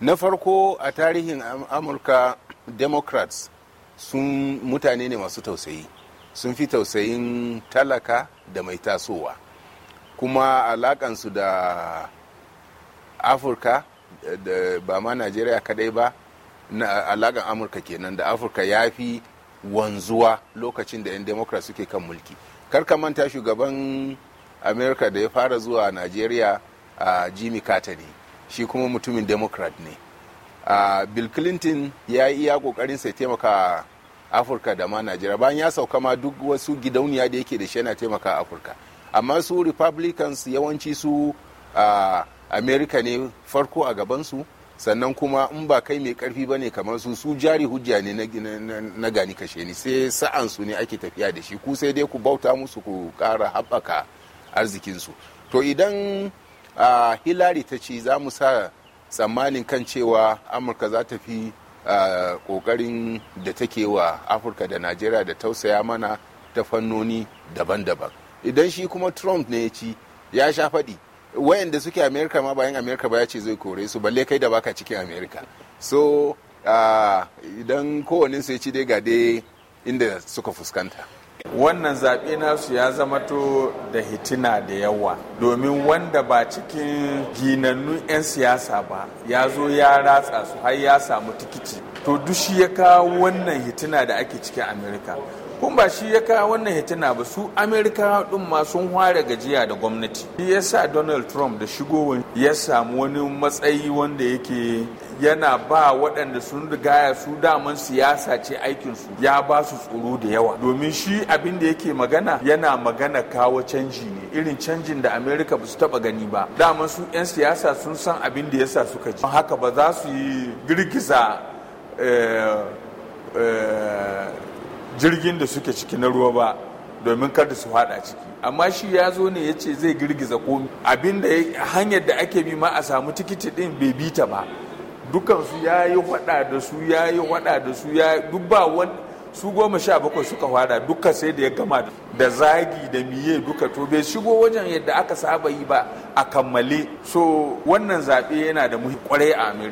na farko a tarihin amurka democrats sun mutane ne masu tausayi sun fi tausayin talaka da mai tasowa kuma alakansu da afirka da ba ma najeriya kadai ba na alakan amurka kenan da afirka ya fi wanzuwa lokacin da 'yan democrats suke kan mulki karka manta shugaban america da ya fara zuwa najeriya a jimmy carter ne shi kuma mutumin democrat ne uh, bill clinton ya yi iya kokarin sai taimaka afirka da ma najeriya bayan ya sauka ma duk wasu gidauniya da yake da shi yana taimaka afirka amma su republicans yawanci su uh, america ne farko a gabansu sannan kuma in ba kai mai karfi ba ne kamar su su jari hujja ne na gani kashe ni sai sa'ansu ne ake tafiya da shi ku sai dai ku bauta musu ku kara haɓaka arzikinsu to idan a hillary ta ce za mu sa tsammanin kan cewa amurka za ta fi kokarin da take wa afirka da najeriya da tausaya mana ta fannoni daban-daban idan shi kuma trump ne ya ci ya sha faɗi wayanda suke amerika ma bayan amerika ba ya ce zai kore su balle kai da baka cikin amerika so idan kowanne su ya ci dai ga dai inda suka fuskanta wannan zaɓe nasu ya zama to da hitina da yawa domin wanda ba cikin ginannun 'yan siyasa ba ya zo ya ratsa su har ya samu tikiti to duk shi ya kawo wannan hituna da ake cikin amerika kun ba shi ya kawo wannan hituna ba su amerika din ma sun ware gajiya da gwamnati shi ya sa donald trump da shigowar ya samu wani matsayi wanda yake yana ba waɗanda sun rigaya su daman siyasa ce aikinsu ya ba su tsoro da yawa domin shi abin da yake magana yana magana kawo canji ne irin canjin da amerika ba su taba gani ba daman su 'yan siyasa sun san abin da yasa suka ji haka ba za su yi girgiza Eh, eh, jirgin da suke ciki na ruwa ba domin kada su hada ciki amma shi ya zo ne ya ce zai girgiza komi abinda hanyar da ake bi ma a samu tikiti din bai bi ta ba su ya yi hada da su ya yi hada da su ya duk ba wani su goma sha bakwai suka hada duka sai da ya gama da zagi da miye duka to bai shigo wajen yadda aka saba yi ba a kammale so wannan zaɓe yana da muhi kwarai a amerika